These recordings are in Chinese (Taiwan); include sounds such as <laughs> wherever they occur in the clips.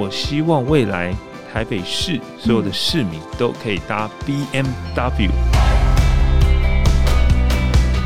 我希望未來台北市所有的市民都可以搭 BMW。嗯、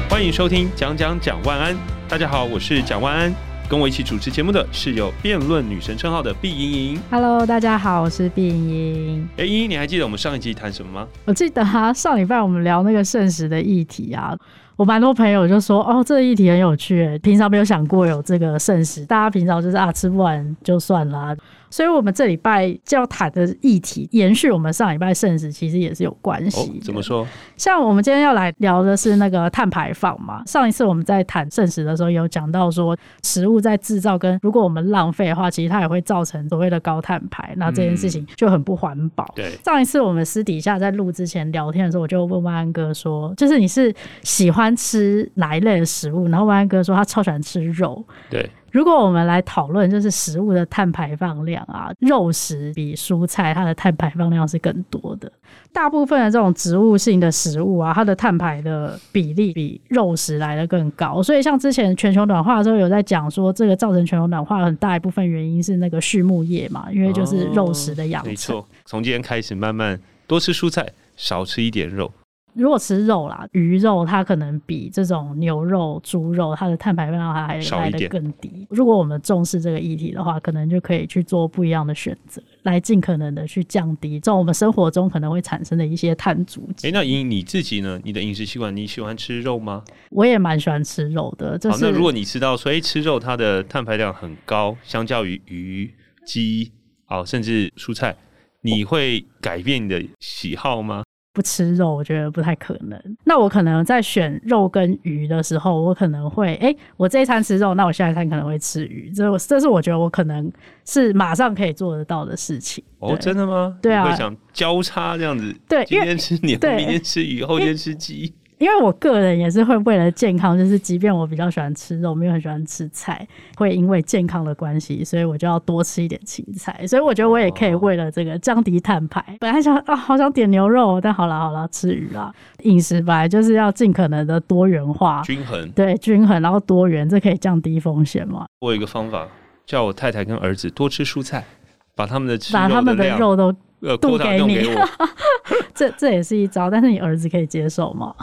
歡迎收聽《講講講萬安》，大家好，我是蔣萬安，跟我一起主持節目的是有辯論女神稱號的畢瑩瑩。Hello，大家好，我是畢瑩瑩。哎、欸，依依，你還記得我們上一集談什麼嗎？我記得哈、啊，上禮拜我們聊那個剩食的議題啊，我蠻多朋友就說，哦，這個議題很有趣，平常沒有想過有這個剩食，大家平常就是啊，吃不完就算了、啊。所以，我們這禮拜就要談的議題，延續我們上禮拜剩食，其實也是有關係。怎麼說？像我們今天要來聊的是那個碳排放嘛。上一次我們在談剩食的時候，有講到說，食物在制造跟如果我們浪費的話，其實它也會造成所謂的高碳排，那這件事情就很不環保。對。上一次我們私底下在錄之前聊天的時候，我就問萬安哥說，就是你是喜歡吃哪一類的食物？然後萬安哥說他超喜歡吃肉。對。如果我們來討論，就是食物的碳排放量啊，肉食比蔬菜它的碳排放量是更多的。大部分的這種植物性的食物啊，它的碳排的比例比肉食來得更高。所以像之前全球暖化的時候，有在講說，這個造成全球暖化很大一部分原因是那個畜牧業嘛，因為就是肉食的養成。哦，沒錯，從今天開始慢慢多吃蔬菜，少吃一點肉。如果吃肉啦，魚肉它可能比這種牛肉、豬肉它的碳排放量還來得更低。如果我們重視這個議題的話，可能就可以去做不一樣的選擇，來盡可能的去降低在我們生活中可能會產生的一些碳足跡。欸，那盈盈你自己呢？你的飲食習慣，你喜歡吃肉嗎？我也蠻喜歡吃肉的。好，就是哦，那如果你知道所以吃肉它的碳排量很高，相較於魚、雞，哦，甚至蔬菜，你會改變你的喜好嗎？哦不吃肉，我覺得不太可能。那我可能在選肉跟魚的時候，我可能會，哎、欸，我這一餐吃肉，那我下一餐可能會吃魚。這，這是我覺得我可能是馬上可以做得到的事情。哦，真的嗎？對啊，會想交叉這樣子，對，今天吃牛，對。明天吃魚，後天吃雞。因為我個人也是會為了健康，就是即便我比較喜歡吃肉，沒有很喜歡吃菜，會因為健康的關係，所以我就要多吃一點青菜。所以我覺得我也可以為了這個降低碳排。本來想啊、哦，好想點牛肉，但好了好了，吃魚了。飲食本來就是要盡可能的多元化、均衡，對，均衡然後多元，這可以降低風險嘛？我有一個方法，叫我太太跟兒子多吃蔬菜，把他們的，的把他們的肉都渡、呃、給你， <laughs> 這這也是一招。但是你兒子可以接受嗎？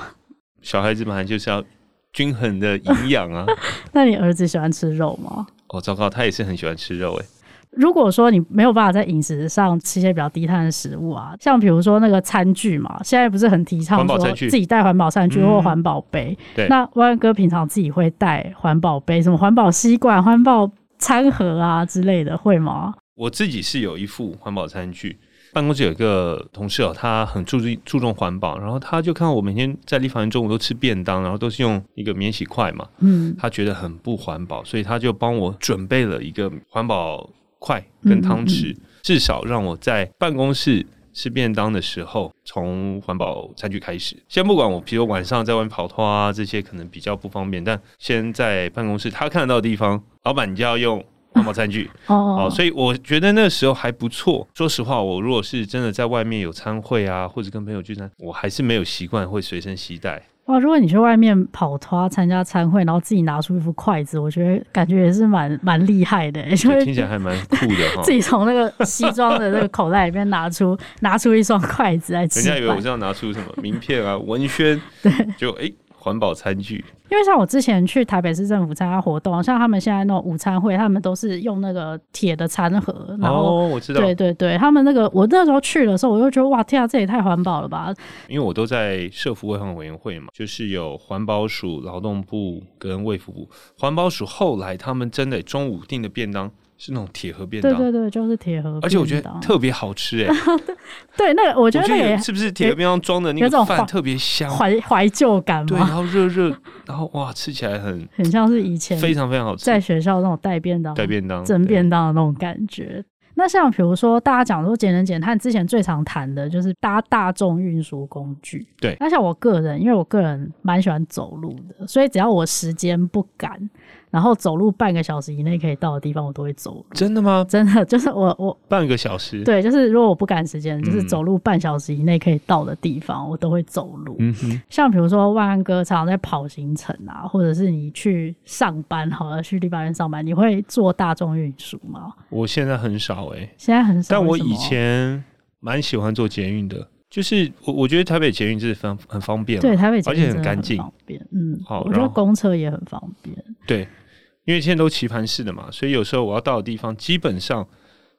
小孩子嘛，就是要均衡的營養啊。 <laughs> 那你兒子喜歡吃肉嗎？哦，糟糕，他也是很喜歡吃肉哎。如果說你沒有辦法在飲食上吃一些比較低碳的食物啊，像比如說那個餐具嘛，現在不是很提倡說自己帶環保餐具，環保餐具、嗯、或環保杯。對，那萬哥平常自己會帶環保杯，什麼環保吸管、環保餐盒啊之類的，會嗎？我自己是有一副環保餐具。辦公室有一個同事哦，他很注重、注重環保，然後他就看到我每天在立法院中午都吃便當，然後都是用一個免洗筷嘛，嗯，他覺得很不環保，所以他就幫我準備了一個環保筷跟湯匙，至少讓我在辦公室吃便當的時候從環保餐具開始。先不管我，比如晚上在外面跑攤啊，這些可能比較不方便，但先在辦公室他看得到的地方，老闆你就要用。環保餐具 <laughs> 哦，哦，好，所以我覺得那個時候還不錯。說實話，我如果是真的在外面有餐會，啊，或者跟朋友聚餐，我還是沒有習慣會隨身攜帶。哇，如果你去外面跑攤參加餐會，然後自己拿出一副筷子，我覺得感覺也是蠻蠻厲害的，就是聽起來還蠻酷的哈。 <laughs> 自己從那個西裝的那個口袋裡面拿出 <laughs> 拿出一雙筷子來吃，人家以為我是要拿出什麼 <laughs> 名片啊、文宣，對，就哎。欸環保餐具，因為像我之前去台北市政府參加活動，像他們現在那種午餐會，他們都是用那個鐵的餐盒，然後、哦，我知道，對對對，他們那個我那個時候去的時候，我就覺得哇天啊，這也太環保了吧！因為我都在社福衛生委員會嘛，就是有環保署、勞動部跟衛福部。環保署後來他們真的中午訂的便當。是那種鐵盒便當，對對對，就是鐵盒，而且我覺得特別好吃哎、欸。 <laughs> 對，那個我覺得那個是不是鐵盒便當裝的那種飯特別香，懷懷舊感嘛？對，然後熱熱，然後哇，吃起來很很像是以前非常非常好吃，在學校那種帶便當、帶 <laughs> 便當、真便當的那種感覺。那像比如說大家講說節能減碳，他之前最常談的就是搭大眾運輸工具。對，那像我個人，因為我個人蠻喜歡走路的，所以只要我時間不趕。然後走路半個小時以內可以到的地方，我都會走路。真的嗎？真的就是我我半個小時對，就是如果我不趕時間，嗯，就是走路半小時以內可以到的地方，我都會走路。嗯哼，像比如說萬安哥常常在跑行程啊，或者是你去上班好，好像去立法院上班，你會坐大眾運輸嗎？我現在很少哎、欸，現在很少。但我以前蠻喜歡坐捷運的，就是我我覺得台北捷運就是很方便對，台北捷運很方便，對臺北，而且很乾淨，方便。嗯，好，我覺得公車也很方便。對。因為現在都棋盤式的嘛，所以有時候我要到的地方，基本上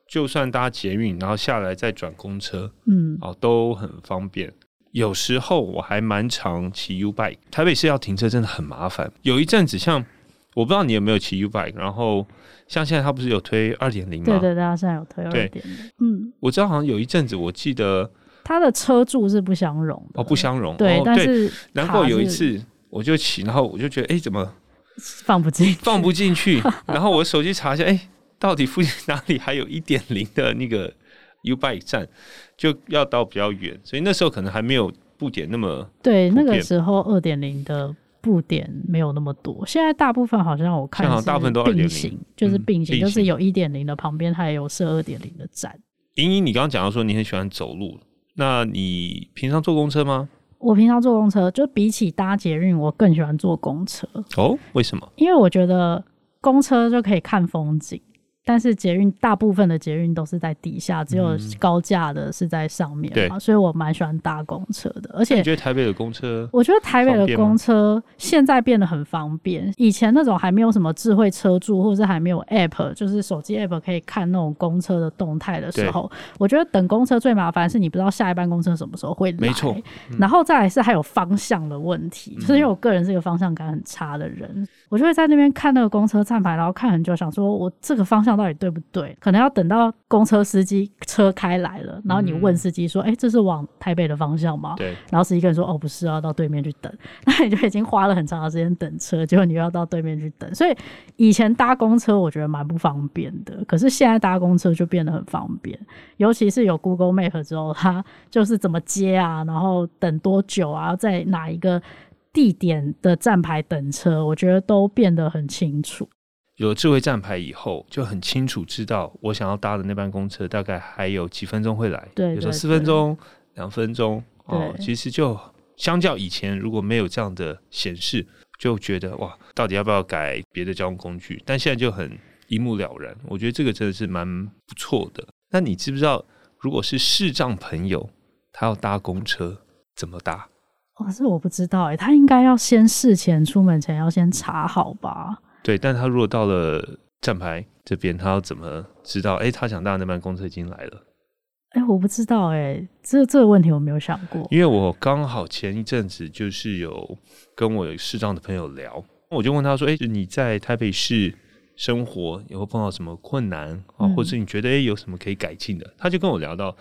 就算搭捷運，然後下來再轉公車，嗯，哦，都很方便。有時候我還蠻常騎 U bike。台北市要停車真的很麻煩。有一陣子像，像我不知道你有沒有騎 U bike，然後像現在他不是有推二點零嗎？對對對，他現在有推二點零。嗯，我知道，好像有一陣子我記得他的車柱是不相容哦，不相容。對，哦、對，但是然後有一次我就騎，然後我就覺得，哎、欸，怎麼？放不進，放不進去。然後我手機查一下，哎、 <laughs> 欸，到底附近哪裡還有一點零的那個 U bike 站，就要到比較遠，所以那時候可能還沒有布點那麼。對，那個時候二點零的布點沒有那麼多，現在大部分好像我看是，大部分都二點零，就是並行，嗯、並行就是有一點零的旁邊還有設二點零的站。盈盈，你剛剛講到說你很喜歡走路，那你平常坐公車嗎？我平常坐公車，就比起搭捷運，我更喜歡坐公車。哦，為什麼？因為我覺得公車就可以看風景。但是捷運，大部分的捷運都是在底下，只有高架的是在上面。對，所以我蠻喜歡搭公車的。而且你覺得台北的公車？我覺得台北的公車現在變得很方便。以前那種還沒有什麼智慧車柱，或者是還沒有 App，就是手機 App 可以看那種公車的動態的時候，我覺得等公車最麻煩是你不知道下一班公車什麼時候會來。沒錯。然後再來是還有方向的問題，就是因為我個人是一個方向感很差的人，我就會在那邊看那個公車站牌，然後看很久，想說我這個方向。到底對不對？可能要等到公車司機車開來了，然後你問司機說：“哎，嗯，欸，這是往台北的方向嗎？”對。然後司機跟你說：“哦，喔，不是啊，要到對面去等。”那你就已經花了很長的時間等車，結果你又要到對面去等。所以以前搭公車我覺得蠻不方便的，可是現在搭公車就變得很方便，尤其是有 Google Map 之後，它就是怎麼接啊，然後等多久啊，在哪一個地點的站牌等車，我覺得都變得很清楚。有了智慧站牌以後就很清楚知道我想要搭的那班公車大概還有幾分鐘會來，對，有時候四分鐘、兩分鐘哦。其實就相較以前如果沒有這樣的顯示，就覺得哇，到底要不要改別的交通工具？但現在就很一目了然。我覺得這個真的是蠻不錯的。那你知不知道，如果是視障朋友，他要搭公車怎麼搭？哇，這我不知道誒，他應該要先事前出門前要先查好吧？對，但他如果到了站牌這邊，他要怎麼知道？哎、欸，他想搭那班公車已經來了。哎、欸，我不知道、欸，哎，這這個問題我沒有想過。因為我剛好前一陣子就是有跟我有市長的朋友聊，我就問他說：“哎、欸，你在台北市生活，你會碰到什麼困難？啊、或者你覺得哎、欸、有什麼可以改進的、嗯？”他就跟我聊到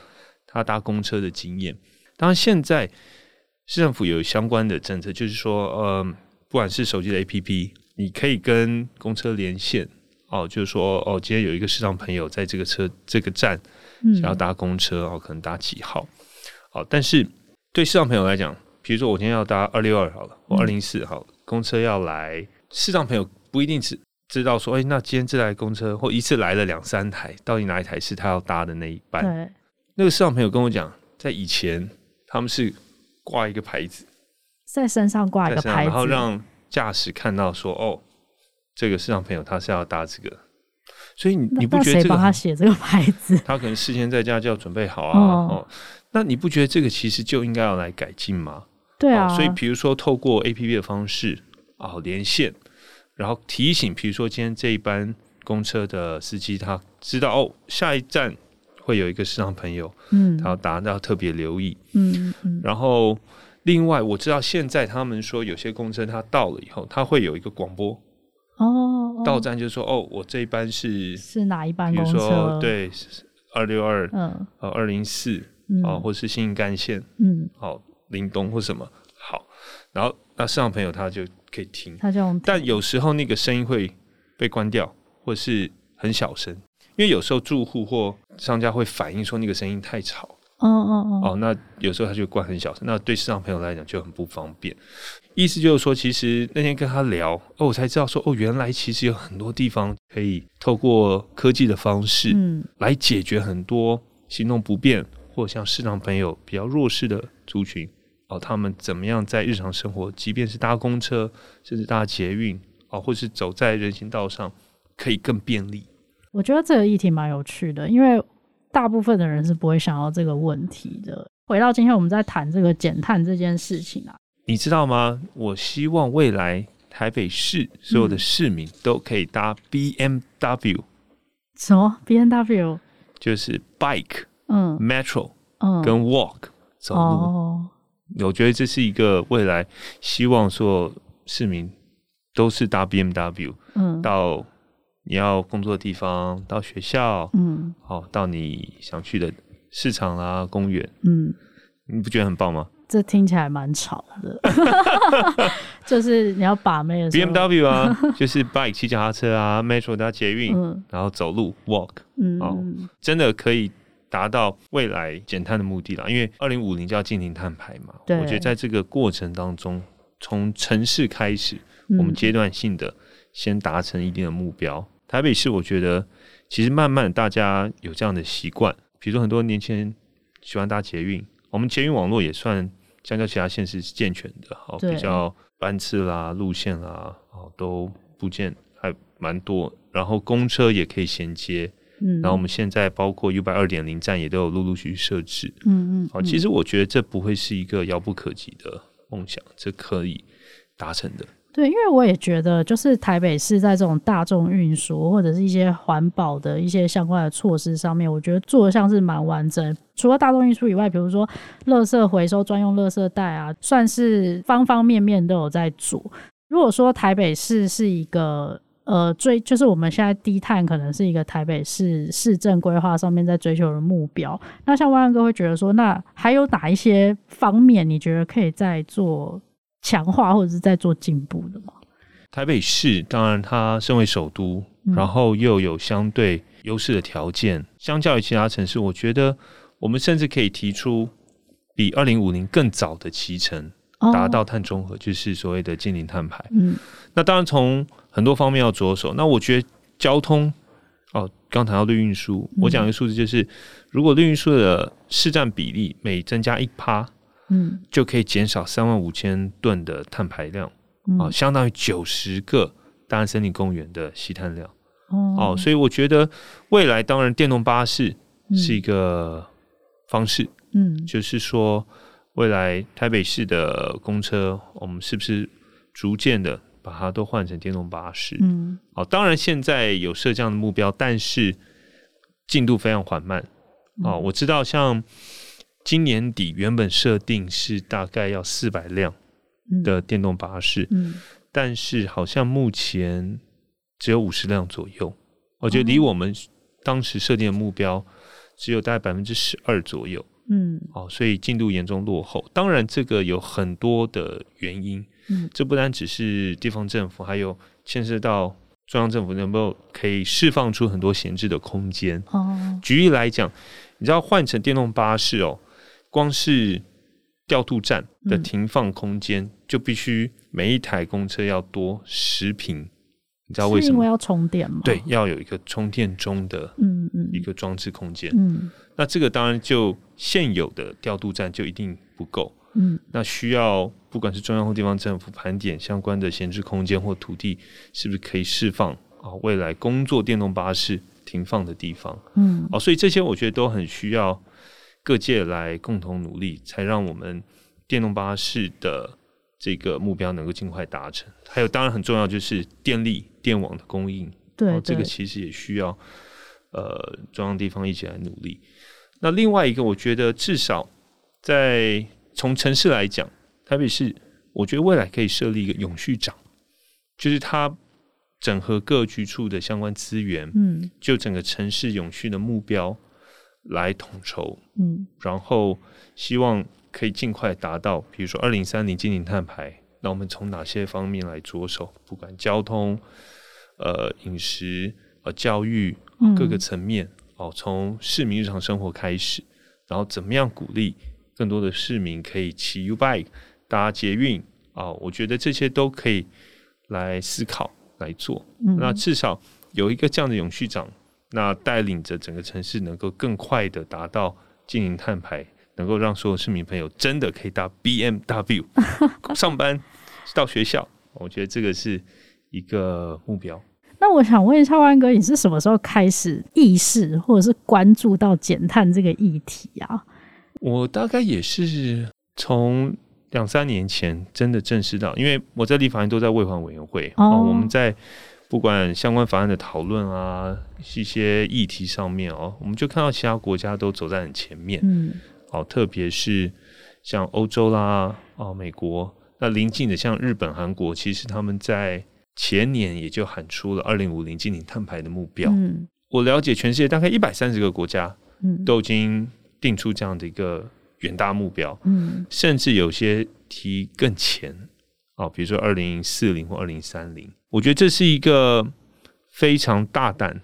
他搭公車的經驗。當然，現在市政府有相關的政策，就是說，呃、嗯，不管是手機的 APP。你可以跟公車連線，哦，就是說，哦，今天有一個視障朋友在這個車這個站，想要搭公車、嗯、哦，可能搭幾號，好，但是對視障朋友來講，比如說我今天要搭二六二好了，或二零四好了、嗯，公車要來，視障朋友不一定只知道說，哎，那今天這台公車或一次來了兩三台，到底哪一台是他要搭的那一班？對那個視障朋友跟我講，在以前他們是掛一個牌子，在身上掛一個牌子，然後讓。駕駛看到說哦，這個市場朋友他是要搭這個，所以你你不覺得這個？他寫這個牌子，他可能事先在家就要準備好啊。哦，哦，那你不覺得這個其實就應該要來改進嗎？對、嗯、啊、哦。所以比如說透過 APP 的方式啊、哦、連線，然後提醒，比如說今天這一班公車的司機他知道哦，下一站會有一個市場朋友，嗯，他要搭要特別留意，嗯，然後。另外，我知道現在他們說有些公車，它到了以後，它會有一個廣播哦，到站就是說：“哦，我這一班是是哪一班公車？比如說，哦、對，二六二，嗯，啊、哦，二零四，啊、哦，或者是新幹線，嗯，好、哦，林東或什麼好。然後，那市場朋友他就可以聽，他這樣聽。但有時候那個聲音會被關掉，或是很小聲，因為有時候住戶或商家會反映說那個聲音太吵。”哦哦哦！哦，那有時候他就關很小聲。那對視障朋友來講就很不方便。意思就是說，其實那天跟他聊，哦，我才知道說，哦，原來其實有很多地方可以透過科技的方式，嗯，來解決很多行動不便、嗯、或像視障朋友比較弱勢的族群，哦，他們怎麼樣在日常生活，即便是搭公車，甚至搭捷運，哦，或者是走在人行道上，可以更便利。我覺得這個議題蠻有趣的，因為，大部分的人是不會想到這個問題的。回到今天，我們在談這個減碳這件事情啊。你知道嗎？我希望未來台北市所有的市民都可以搭 B M W，嗯。什麼 B M W？就是 bike，嗯，metro，嗯，跟 walk 走路，哦。我覺得這是一個未來希望所有市民都是搭 B M W，嗯，到你要工作的地方，到學校，嗯。哦、到你想去的市場啦、啊、公園，嗯，你不覺得很棒嗎？這聽起來蠻吵的， <laughs> <laughs> 就是你要把妹，BMW 啊， <laughs> 就是 bike 騎腳踏車啊，metro 搭捷運，然後走路 walk，嗯、哦，真的可以達到未來減碳的目的了。因為二零五零就要淨零碳排嘛，對，我覺得在這個過程當中，從城市開始，嗯、我們階段性的先達成一定的目標，嗯、台北市，我覺得。其實慢慢大家有這樣的習慣，比如說很多年輕人，喜歡搭捷運，我們捷運網絡也算相較其他縣市是健全的，好、哦、比較班次啦、路線啦，好、哦、都不見還蠻多。然後公車也可以銜接、嗯，然後我們現在包括 UBike 二點零站也都有陸陸續續設置，嗯嗯，嗯，好、哦，其實我覺得這不會是一個遙不可及的夢想，這可以達成的。對，因為我也覺得，就是台北市在這種大眾運輸或者是一些環保的一些相關的措施上面，我覺得做的像是蠻完整。除了大眾運輸以外，比如說，垃圾回收專用垃圾袋啊，算是方方面面都有在做。如果說台北市是一個呃追，就是我們現在低碳可能是一個台北市市政規劃上面在追求的目標，那像萬萬哥會覺得說，那還有哪一些方面你覺得可以再做？強化或者是在做進步的嗎？台北市當然，它身為首都，然後又有相對優勢的條件，嗯，相較於其他城市，我覺得我們甚至可以提出比二零五零更早的期程，達到碳中和，哦，就是所謂的淨零碳排。嗯，那當然從很多方面要着手。那我覺得交通哦，剛談到綠運輸，我講一個數字，就是，嗯、如果綠運輸的市佔比例每增加一趴。就可以減少三萬五千噸的碳排量啊、嗯哦，相當於九十個大安森林公園的吸碳量哦，哦。所以我覺得未來當然電動巴士是一個方式，嗯，就是說未來台北市的公車，我們是不是逐漸的把它都換成電動巴士？嗯，哦、當然現在有設這樣的目標，但是進度非常緩慢啊、嗯哦。我知道像。今年底原本設定是大概要四百輛的電動巴士，嗯嗯，但是好像目前只有五十輛左右，我覺得離我們當時設定的目標只有大概百分之十二左右，嗯，哦，所以進度嚴重落後。當然，這個有很多的原因，嗯，這不單只是地方政府，還有牽涉到中央政府能夠可以釋放出很多閒置的空間。哦，舉例來講，你知道換成電動巴士哦。光是調度站的停放空間，嗯、就必須每一台公車要多十坪，你知道為什麼？是因為要充電嗎？對，要有一個充電中的嗯嗯一個裝置空間，嗯。嗯，那這個當然就現有的調度站就一定不夠。嗯，那需要不管是中央或地方政府盤點相關的閒置空間或土地，是不是可以釋放啊？未來工作電動巴士停放的地方。嗯，哦，所以這些我覺得都很需要，各界來共同努力，才讓我們電動巴士的這個目標能夠盡快達成。還有，當然很重要就是電力電網的供應，對，對，對，然後這個其實也需要呃中央地方一起來努力。那另外一個，我覺得至少在從城市來講，特別是我覺得未來可以設立一個永續長，就是它整合各局處的相關資源，嗯，就整個城市永續的目標。來統籌，嗯，然後希望可以盡快達到，比如說二零三零淨零碳排，那我們從哪些方面來着手？不管交通、呃飲食、呃教育，各個層面、嗯、哦，從市民日常生活開始，然後怎麼樣鼓勵更多的市民可以騎 U bike、搭捷運啊、哦？我覺得這些都可以來思考來做、嗯，那至少有一個這樣的永續長。那帶領着整個城市能夠更快的達到淨零碳排，能夠讓所有市民朋友真的可以搭 B M W <laughs> 上班到學校，我覺得這個是一個目標。 <laughs> 那我想問一下萬哥，你是什麼時候開始意識或者是關注到減碳這個議題啊？我大概也是從兩三年前真的正視到，因為我在立法院都在衛環委員會，哦哦、我們在。不管相關法案的討論啊，一些議題上面哦，我們就看到其他國家都走在很前面。嗯，好、哦，特別是像歐洲啦，哦，美國，那鄰近的像日本、韓國，其實他們在前年也就喊出了二零五零淨零碳排的目標。嗯，我了解全世界大概一百三十個國家，嗯，都已經定出這樣的一個遠大目標。嗯，甚至有些提更前。哦，比如說二零四零或二零三零，我覺得這是一個非常大膽，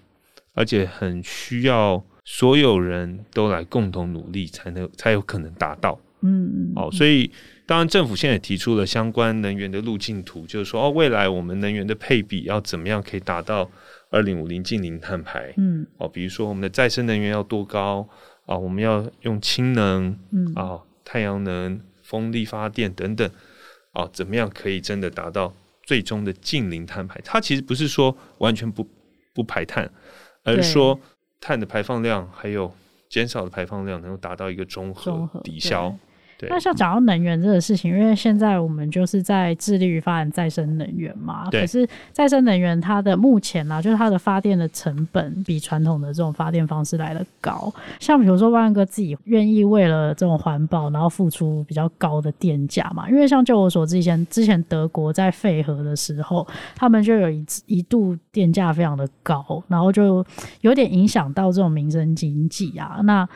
而且很需要所有人都來共同努力，才能才有可能達到。嗯，哦，所以當然政府現在也提出了相關能源的路徑圖，就是說哦，未來我們能源的配比要怎麼樣可以達到二零五零淨零碳排？嗯，哦，比如說我們的再生能源要多高？啊、哦，我們要用氫能，嗯啊、哦，太陽能、風力發電等等。哦，怎麼樣可以真的達到最終的淨零碳排？它其實不是說完全不不排碳，而是說碳的排放量還有減少的排放量能夠達到一個中和抵消。那像講到能源這個事情，因為現在我們就是在致力於發展再生能源嘛。對。可是再生能源它的目前呢、啊，就是它的發電的成本比傳統的這種發電方式來得高。像比如說萬安哥自己願意為了這種環保，然後付出比較高的電價嘛。因為像就我所知，以前之前德國在廢核的時候，他們就有一一度電價非常的高，然後就有點影響到這種民生經濟啊。那。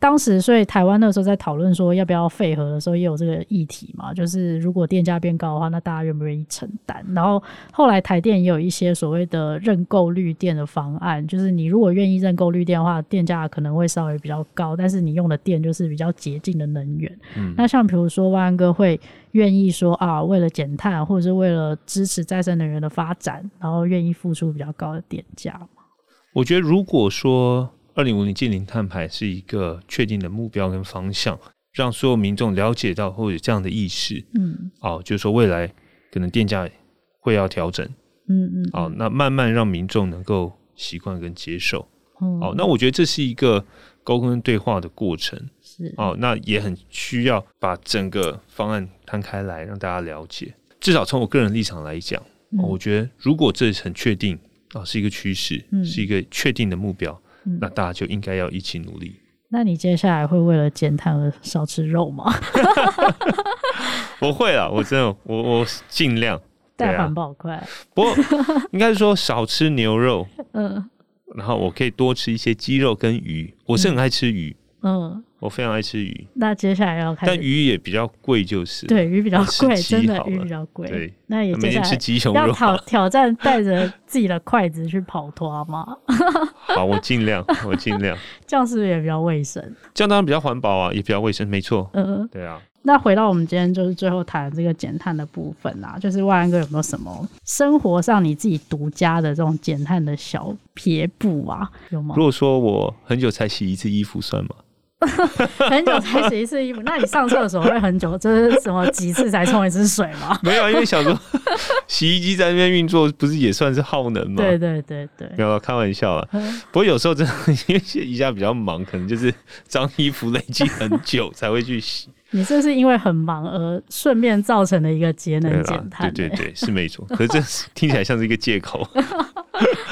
當時，所以台灣那時候在討論說要不要廢核的時候，也有這個議題嘛，就是如果電價變高的話，那大家願不願意承擔？然後後來台電也有一些所謂的認購綠電的方案，就是你如果願意認購綠電的話，電價可能會稍微比較高，但是你用的電就是比較潔淨的能源，嗯。那像比如說萬安哥會願意說啊，為了減碳或者是為了支持再生能源的發展，然後願意付出比較高的電價嗎？我覺得如果說。二零五零近零碳排是一個確定的目標跟方向，讓所有民眾了解到或者這樣的意識，嗯，哦，就是說未來可能電價會要調整，嗯，嗯嗯，哦，那慢慢讓民眾能夠習慣跟接受哦，哦，那我覺得這是一個溝通跟對話的過程，是哦，那也很需要把整個方案攤開來讓大家了解，至少從我個人立場來講，嗯哦，我覺得如果這很確定啊，哦，是一個趨勢，嗯，是一個確定的目標。那大家就應該要一起努力。嗯。那你接下來會為了減碳而少吃肉嗎？我 <laughs> <laughs> 會了，我真的，我我盡量。 <laughs> 對啊，環保快。不過應該是說少吃牛肉，嗯，然後我可以多吃一些雞肉跟魚。我是很愛吃魚，嗯。嗯我非常愛吃魚，那接下來要開始，但魚也比較貴，就是對魚比較貴，真的魚比較貴，對，那也每天吃雞胸肉。挑戰帶着自己的筷子去跑攤嗎？ <laughs> 好，我盡量，我盡量。 <laughs> 這樣是不是也比較衛生？這樣當然比較環保啊，也比較衛生，沒錯。嗯、呃，對啊。那回到我們今天就是最後談這個減碳的部分啊，就是萬安哥有沒有什麼生活上你自己獨家的這種減碳的小撇步啊？有嗎？如果說我很久才洗一次衣服，算嗎？ <laughs> 很久才洗一次衣服， <laughs> 那你上廁所會很久？這、就是什麼幾次才沖一次水嗎？ <laughs> 沒有，因為想說洗衣機在那邊運作，不是也算是耗能嗎？ <laughs> 對對對對，沒有開玩笑啊。 <laughs> 不過有時候真的因為一下比較忙，可能就是髒衣服累積很久才會去洗。 <laughs> 你這是因為很忙而順便造成的一個節能減碳、欸？對對，對對對，是沒錯。 <laughs> 可是這聽起來像是一個借口。 <laughs>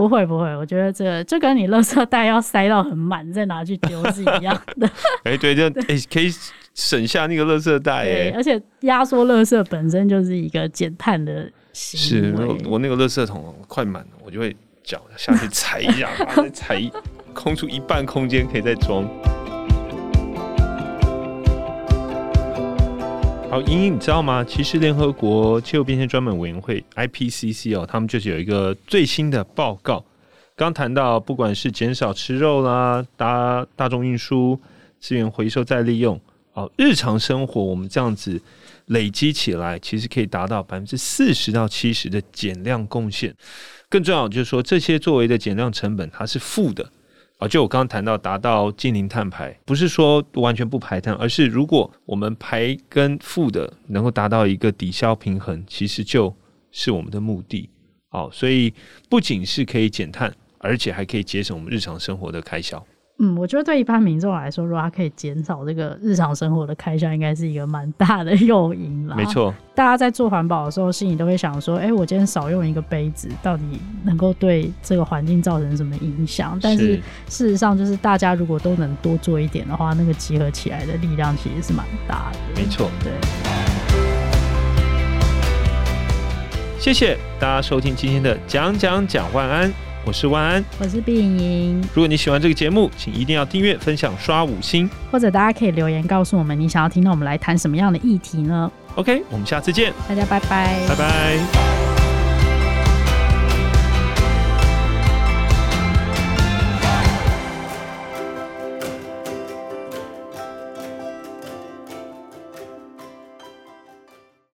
不會不會，我覺得這個、就跟你垃圾袋要塞到很滿再拿去丟是一樣的。哎、 <laughs> 欸，對，就哎、欸，可以省下那個垃圾袋、欸。哎，而且壓縮垃圾本身就是一個減碳的行為。是，我，我那個垃圾桶快滿了，我就會腳下去踩一下， <laughs> 踩空出一半空間，可以再裝。好，盈盈，你知道嗎？其實聯合國氣候變遷專門委員會 IPCC 哦，他們就是有一個最新的報告。剛談到，不管是減少吃肉啦，搭大眾運輸、資源回收再利用，哦，日常生活我們這樣子累積起來，其實可以達到百分之四十到七十的減量貢獻。更重要就是說，這些作為的減量成本，它是負的。啊，就我剛剛談到達到近零碳排，不是說完全不排碳，而是如果我們排跟負的能夠達到一個抵消平衡，其實就是我們的目的。好，哦，所以不僅是可以減碳，而且還可以節省我們日常生活的開銷。嗯，我覺得對一般民眾來說，如果他可以減少這個日常生活的開銷，應該是一個蠻大的誘因了。沒錯，大家在做環保的時候，心裡都會想說：“哎，我今天少用一個杯子，到底能夠對這個環境造成什麼影響？”但是事實上，就是大家如果都能多做一點的話，那個集合起來的力量其實是蠻大的。沒錯，對。謝謝大家收聽今天的講講蔣萬安。我是萬安，我是盈盈。如果你喜歡這個節目，請一定要訂閱、分享、刷五星，或者大家可以留言告訴我們，你想要聽到我們來談什麼樣的議題呢？OK，我們下次見，大家拜拜，拜拜。